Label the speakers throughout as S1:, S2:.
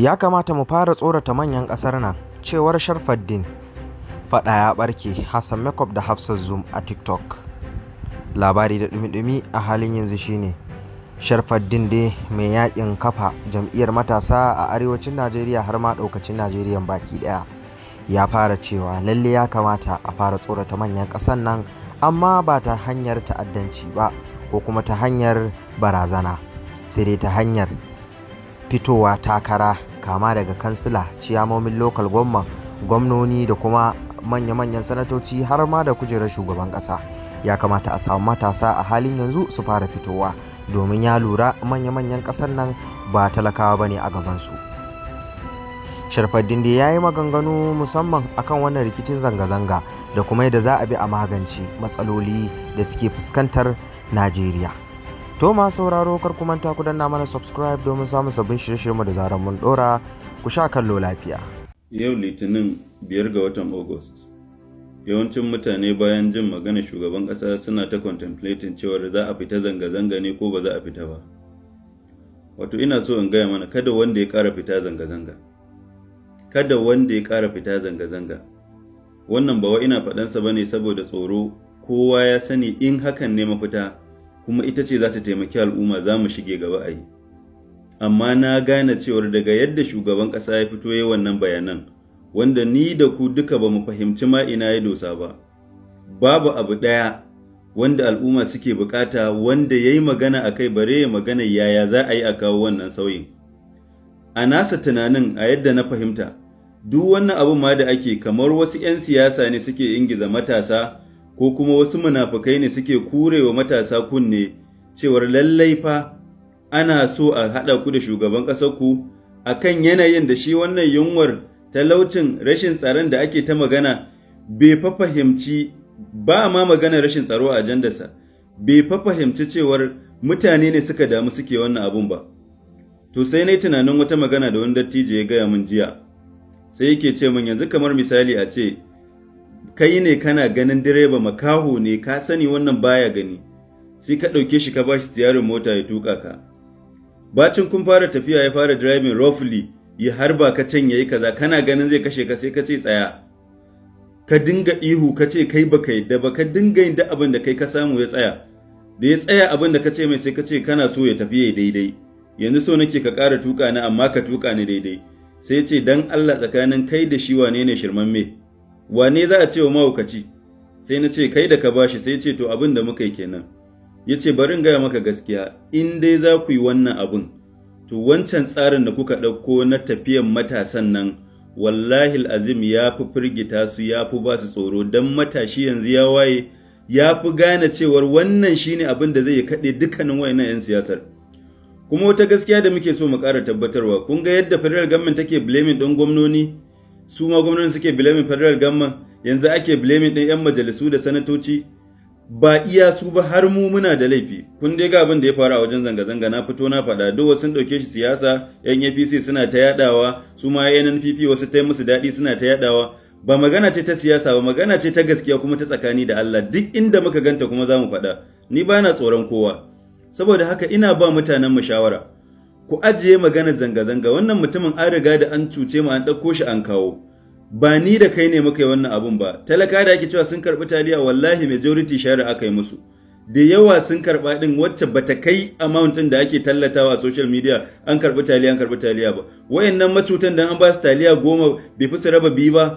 S1: Ya kamata mu fara tsorata manyan ƙasar nan, cewar Sharfaddin. Faɗa ya ɓarke Hassan Makeup da hafsa Zoom a TikTok. Labari da dumi-dumi a halin yanzu shine Sharfaddin dai mai yakin kafa jam'iyyar matasa a arewacin Najeriya har ma ɗaukacin Najeriya baki ɗaya. Ya fara cewa lalle ya kamata a fara tsorata manyan ƙasar nan amma ba ta hanyar ta'addanci ba ko kuma ta hanyar barazana sai dai ta hanyar fitowa takara kama daga kansila ciyamomin lokal gwamma gwamnoni da kuma manya-manyan sanatoci har ma da kujerar shugaban kasa ya kamata a samu matasa a halin yanzu su fara fitowa domin ya lura manya-manyan kasar nan ba talakawa ba ne a gabansu sharfaddin da ya yi maganganu musamman akan wannan rikicin zanga-zanga da kuma yadda za a bi a magance matsaloli da suke fuskantar najeriya to masu sauraro kar ku manta ku danna mana subscribe domin samun sabbin shirye-shiryenmu da zarar mun dora ku sha kallo lafiya
S2: yau litinin biyar ga watan august yawancin mutane bayan jin magana shugaban kasa suna ta contemplating cewa za a fita zanga-zanga ne ko ba za a fita ba wato ina so in gaya mana kada wanda ya kara fita zanga-zanga kada wanda ya kara fita zanga-zanga wannan bawa ina faɗansa ba ne saboda tsoro kowa ya sani in hakan ne mafita kuma ita ce za ta taimaki al'umma za mu shige gaba a yi amma na gane cewar daga yadda shugaban ƙasa ya fito yi wannan bayanan wanda ni da ku duka ba mu fahimci ma ina ya dosa ba babu abu ɗaya wanda al'umma suke bukata wanda ya yi magana a kai bare ya magana yaya za a yi a kawo wannan sauyin a nasa tunanin a yadda na fahimta duk wannan abu ma da ake kamar wasu 'yan siyasa ne suke ingiza matasa ko kuma wasu munafukai ne suke kurewa matasa kunne cewar lallai fa ana so a haɗa ku da shugaban kasar ku akan yanayin da shi wannan yunwar talaucin rashin tsaron da ake ta magana bai fa fahimci ba ma magana rashin tsaro a ajandarsa bai fa fahimci cewar mutane ne suka damu suke wannan abun ba to sai na tunanin wata magana da wani dattijo ya gaya min jiya sai yake ce min yanzu kamar misali a ce kai ne kana ganin direba makaho ne ka sani wannan baya gani sai ka ɗauke shi ka bashi tiyarin mota ya tuka ka bacin kun fara tafiya ya fara driving roughly ya harba ka can yayi kaza kana ganin zai kashe ka sai ka ce tsaya ka dinga ihu ka ce kai baka yadda ba ka dinga yin abin da kai ka samu ya tsaya da ya tsaya abin da ka ce mai sai ka ce kana so ya tafi daidai yanzu so nake ka kara tuka ni amma ka tuka ni daidai sai ce dan Allah tsakanin kai da shi wane ne shirman wane za a ce wa mahaukaci sai na ce kai da ka bashi sai ce to abin da muka yi kenan ya ce bari gaya maka gaskiya in dai za ku yi wannan abin to wancan tsarin da kuka ɗauko na tafiyan matasan nan wallahi azim ya fi firgita su ya fi ba su tsoro don matashi yanzu ya waye ya fi gane cewar wannan shine abin da zai yi kaɗe dukkanin wayannan 'yan siyasar kuma wata gaskiya da muke so mu ƙara tabbatarwa kun ga yadda federal government take blaming ɗin gwamnoni su ma gwamnati suke blaming federal government yanzu ake blaming din yan majalisu da sanatoci ba iya su ba har mu muna da laifi kun dai ga abin da ya faru a wajen zanga-zanga na fito na faɗa duk wasu sun ɗauke shi siyasa yan APC suna ta yaɗawa, su ma yan NPP wasu ta musu daɗi suna ta yadawa ba magana ce ta siyasa ba magana ce ta gaskiya kuma ta tsakani da Allah duk inda muka ganta kuma za mu faɗa ni ba na tsoron kowa saboda haka ina ba mutanen mu shawara ku ajiye magana zanga-zanga wannan mutumin an riga da an cuce mu an ɗauko shi an kawo ba ni da kai ne muka yi wannan abun ba talaka da ake cewa sun karɓi taliya wallahi majority share aka yi musu da yawa sun karɓa ɗin wacce bata kai amount da ake tallatawa a social media an karɓi taliya an karɓi taliya ba wayannan macutan da an ba su taliya goma bai fi su raba biyu ba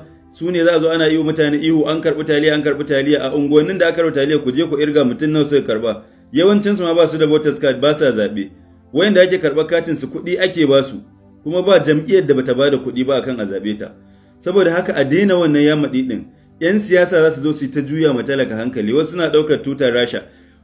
S2: su ne za a zo ana iyo mutane ihu an karɓi taliya an karɓi taliya a unguwannin da aka karɓi taliya ku je ku irga mutum nan suka karɓa yawancin su ma ba su da voters card ba sa zaɓe wayanda ake karɓar katin su kuɗi ake ba su kuma ba jam'iyyar da bata bada kuɗi ba akan a zabe ta saboda haka a daina wannan yamaɗi ɗin yan siyasa za su zo su ta juya ma talaka hankali wasu suna ɗaukar tutar rasha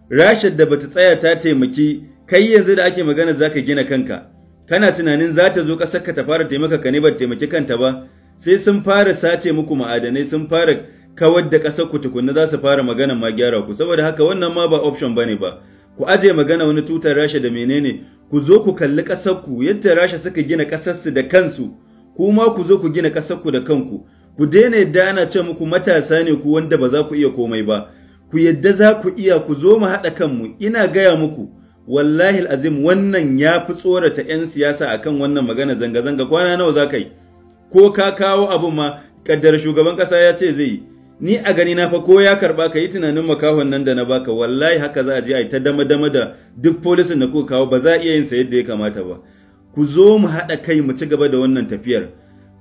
S2: rasha da bata tsaya ta taimaki kai yanzu da ake magana za ka gina kanka kana tunanin za ta zo ƙasar ka ta fara taimaka ka ne ba taimaki kanta ba sai sun fara sace muku ma'adanai sun fara kawar da ƙasar ku tukunna za su fara magana ma gyara ku saboda haka wannan ma ba option bane ba ku aje magana wani tutar rasha da menene ku zo ku kalli ƙasarku yadda rasha suka gina ƙasarsu da kansu kuma ku zo ku gina ƙasarku da kanku ku daina yadda ana ce muku matasa ne ku wanda ba za ku iya komai ba ku yadda za ku iya ku zo mu haɗa kanmu ina gaya muku wallahi azim wannan ya fi tsorata 'yan siyasa akan wannan magana zanga-zanga kwana nawa za ka yi ko ka kawo abin ma kaddar shugaban ƙasa ya ce zai yi ni a gani na fa ko ya karba ka yi tunanin makahon nan da na baka wallahi haka za a je a yi ta dama dama da duk polisin na kuka kawo ba za a iya yin sa yadda ya kamata ba ku zo mu haɗa kai mu ci gaba da wannan tafiyar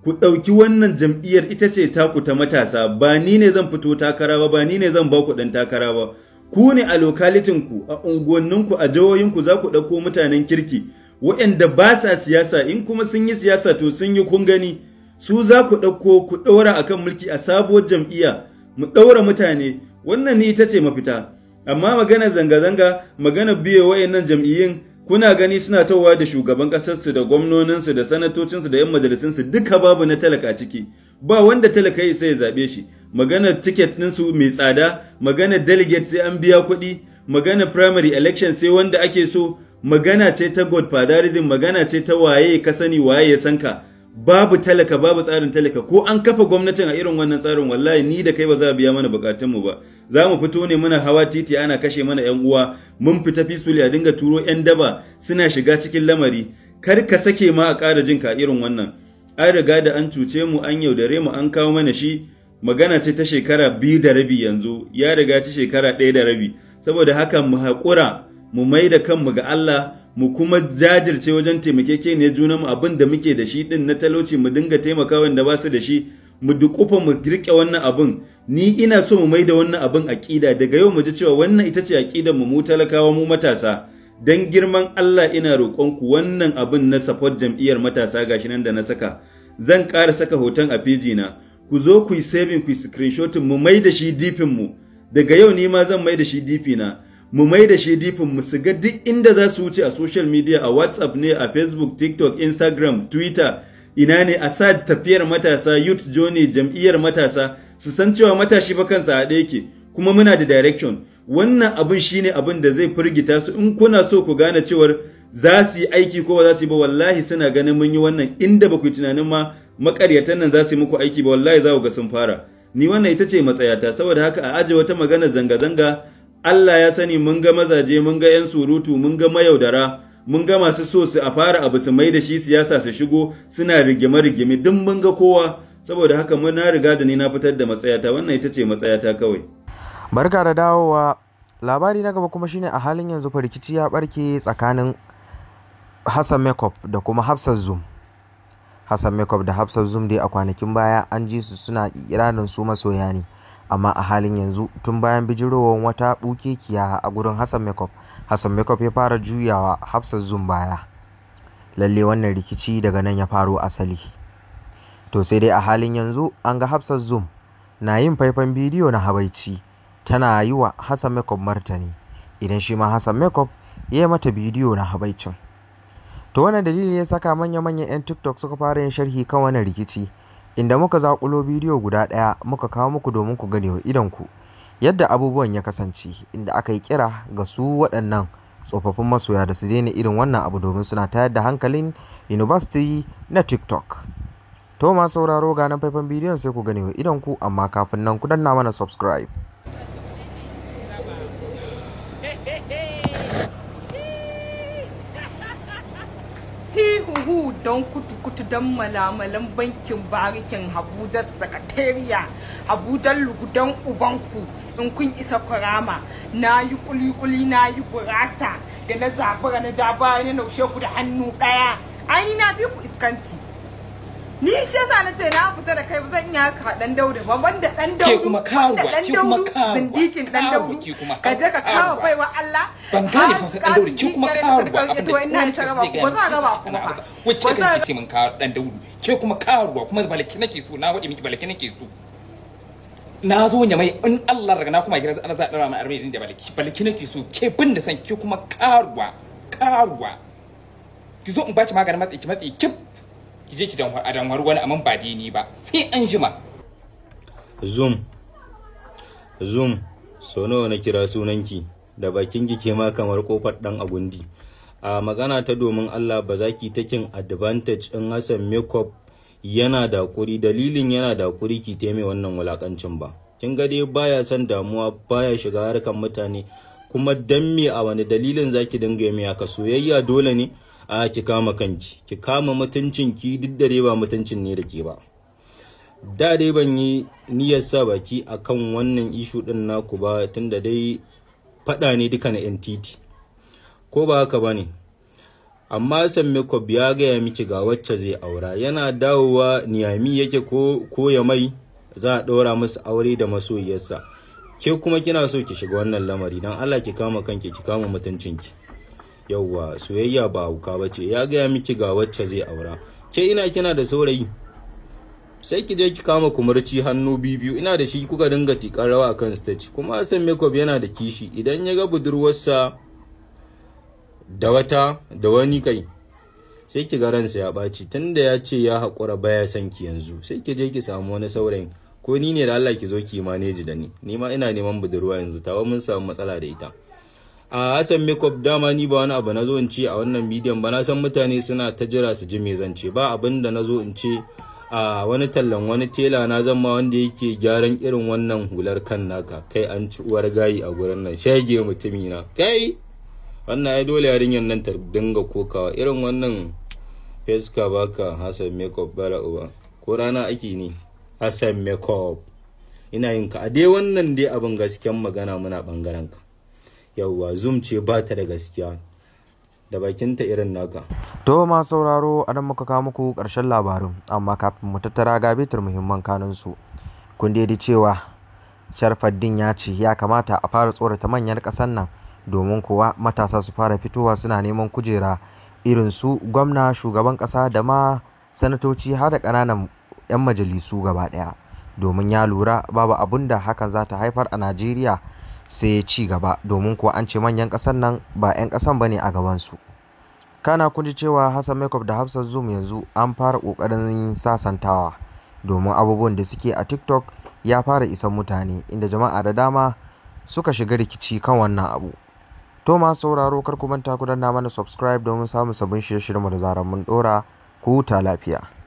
S2: ku ɗauki wannan jam'iyyar ita ce taku ta matasa ba ni ne zan fito takara ba ba ni ne zan ba ku ɗan takara ba ku ne a lokalitin ku a unguwanninku a jihohinku za ku ɗauko mutanen kirki waɗanda ba sa siyasa in kuma sun yi siyasa to sun yi kun gani su za ku ɗauko ku ɗora akan mulki a sabuwar jam'iyya mu ɗaura mutane wannan ni ita ce mafita amma magana zanga-zanga magana biye wayannan jam'iyyun kuna gani suna tawa da shugaban ƙasarsu da gwamnoninsu da sanatocinsu da 'yan su duka babu na talaka ciki ba wanda talaka ya ya zaɓe shi maganar tiket ɗinsu mai tsada magana delegate sai an biya kuɗi magana primary election sai wanda ake so magana ce ta godfatherism magana ce ta waye ka sani waye ya sanka babu talaka babu tsarin talaka ko an kafa gwamnatin a irin wannan tsarin wallahi ni da kai ba za a biya mana bukatun mu ba za mu fito ne muna hawa titi ana kashe mana yan uwa mun fita peacefully a dinga turo yan daba suna shiga cikin lamari kar ka sake ma a ƙara jin ka irin wannan an riga da an cuce mu an yaudare mu an kawo mana shi magana ce ta shekara biyu da rabi yanzu ya riga ta shekara ɗaya da rabi saboda haka mu haƙura mu mai da kanmu ga Allah mu kuma jajirce wajen taimakeke ne mu abin da muke da shi din na talauci mu dinga taimaka wanda ba su da shi mu dukufa mu girke wannan abin ni ina so mu mai da wannan abin akida daga yau mu ji cewa wannan ita ce akidar mu mu talakawa mu matasa dan girman Allah ina ku wannan abin na support jam'iyyar matasa gashi nan da na saka zan ƙara saka hoton a page na ku zo ku yi saving ku screenshot mu mai da shi dipin mu daga yau ni ma zan mai da shi dipi na mu mai da shi difin mu ga duk inda za su wuce a social media a whatsapp ne a facebook tiktok instagram twitter ina ne a sa tafiyar matasa youth journey jam'iyyar matasa su san cewa matashi ba kansa a ɗaya kuma muna da direction wannan abin shine abin da zai firgita su in kuna so ku gane cewar za su yi aiki ko ba za su yi ba wallahi suna ganin mun yi wannan inda ba ku tunanin ma makaryatan nan za su yi muku aiki ba wallahi za ku ga sun fara ni wannan ita ce matsayata saboda haka a ajiye wata magana zanga-zanga Allah ya sani mun ga mazaje mun ga 'yan surutu mun ga mayaudara mun ga masu so su a fara abu su mai da shi siyasa su shigo suna rigime rigimi duk mun ga kowa saboda haka na riga da ni na fitar da matsayata wannan ita ce matsayata kawai
S1: barka da dawowa labari na gaba kuma shine a halin yanzu farkici rikici ya barke tsakanin Hassan Makeup da kuma Hafsat Zoom Hassan Makeup da Hafsat Zoom dai a kwanakin baya an ji su suna iranin su masoya ne amma a halin yanzu tun bayan bijirowar wata bukekiya a gurin Hassan Makeup, Hassan Makeup ya fara juyawa Hafsat Zoom baya. Lalle wannan rikici daga nan ya faro asali. To sai dai a halin yanzu an ga hafsa Zoom na yin faifan bidiyo na habaici tana yi wa Hassan Makeup martani idan shi ma Hassan Makeup ya yi mata bidiyo na habaicin. To wannan dalili ya saka manya-manyan 'yan TikTok suka fara yin sharhi kan wannan rikici. inda muka zakulo bidiyo guda ɗaya muka kawo muku domin ku gani wa idonku yadda abubuwan ya kasance inda aka yi kira ga su waɗannan tsofaffin masoya da su daina irin wannan abu domin suna tayar da hankalin university na tiktok to ma sauraro ganin faifan bidiyon sai ku gani wa idonku amma kafin nan ku danna mana subscribe
S3: don kutu-kutu don malamalan bankin barikin habujar sakatariya habujar lugudan ubanku in kun isa kurama na yi kuli-kuli na yi gurasa da na zabura na ja na naushe ku da hannu ɗaya ai na bi ku iskanci ni shi yasa na ce na fita da kai zan iya ka dan daudu ba wanda dan daudu ke kuma karuwa ke kuma karuwa zindikin dan daudu ke kuma ka je ka kawo bai wa Allah ban gane fa sai dan daudu ke kuma karuwa abin da ina ta gaba ba za ga ba kuma wacce kan kici mun kawo dan daudu ke kuma karuwa kuma balaki nake so na wadi miki balaki nake so na zo ne mai in Allah raga na kuma gidan ana za dara ma arme din da balaki balaki nake so ke bin da san ke kuma karuwa karuwa ki zo in baki maganin matsi ki matsi kip ki je ki damwar wani amma ba dai ba sai an jima zoom zoom so nawa na kira sunanki da bakin ki ke ma kamar kofar dan agundi a magana ta domin Allah ba za ki takin advantage in Hassan makeup yana da kuri dalilin yana da kuri ki taimai wannan wulakancin ba kin ga dai baya son damuwa baya shiga harkan mutane kuma dan me a wani dalilin zaki dinga yi ka soyayya dole ne a ki kama kanki ki kama mutuncin ki duk da dai ba mutuncin ne da ke ba da dai ban yi niyyar sa baki akan wannan ishu din naku ba tunda dai fada ne duka na NTT ko ba haka bane amma san kwab ya gaya miki ga wacce zai aura yana dawowa niyami yake ko ko ya mai za a ɗora musu aure da masoyiyarsa ke kuma kina so ki shiga wannan lamari don allah ki kama kanki ki kama mutuncinki yauwa soyayya ba hauka ba ce ya gaya miki ga wacce zai aura ke ina kina da saurayi sai ki je ki kama kumurci hannu biyu ina da shi kuka dinga tikar rawa kan stage kuma Hassan Makeup yana da kishi idan ya ga budurwarsa da wata da wani kai sai ki ga ransa ya ɓaci tunda ya ce ya haƙura baya san ki yanzu sai ki je ki samu wani saurayin ko ni ne da Allah ki zo ki maneji da ni ni ma ina neman budurwa yanzu tawa mun samu matsala da ita a hassan makeup dama ni ba wani abu na zo in ce a wannan bidiyon ba na san mutane suna ta jira su ji me zance ba abin da na zo in ce a wani tallan wani tela na zama wanda yake gyaran irin wannan hular kan naka kai an ci uwar gayi a gurin nan shage mutumi na kai wannan ai dole yarinyar nan ta dinga kokawa irin wannan feska baka hassan makeup bara uba ko rana ake ne hassan makeup ina yin ka a dai wannan dai abin gasken magana muna bangaren ka yauwa zoom ce ba ta da gaskiya da bakinta irin naka
S1: to ma sauraro a nan muka kawo muku ƙarshen labarin amma kafin mu tattara ga bitar muhimman kanun su kun daidai cewa sharfaddin ya ce ya kamata a fara tsorata manyan kasan nan domin kuwa matasa su fara fitowa suna neman kujera irin su gwamna shugaban kasa da ma sanatoci har da kananan 'yan majalisu gaba daya domin ya lura babu abun da hakan za ta haifar a najeriya sai ya ci gaba domin kuwa an ce manyan ƙasar nan ba 'yan ƙasan ba ne a gabansu. Kana kun ji cewa Hassan Makeup da Hafsat Zoom yanzu an fara ƙoƙarin sasantawa domin abubuwan da suke a TikTok ya fara isan mutane inda jama'a da dama suka shiga rikici kan wannan abu. To ma sauraro kar ku manta ku danna mana subscribe domin samun sabbin shirye-shiryenmu da zarar mun ɗora ku huta lafiya.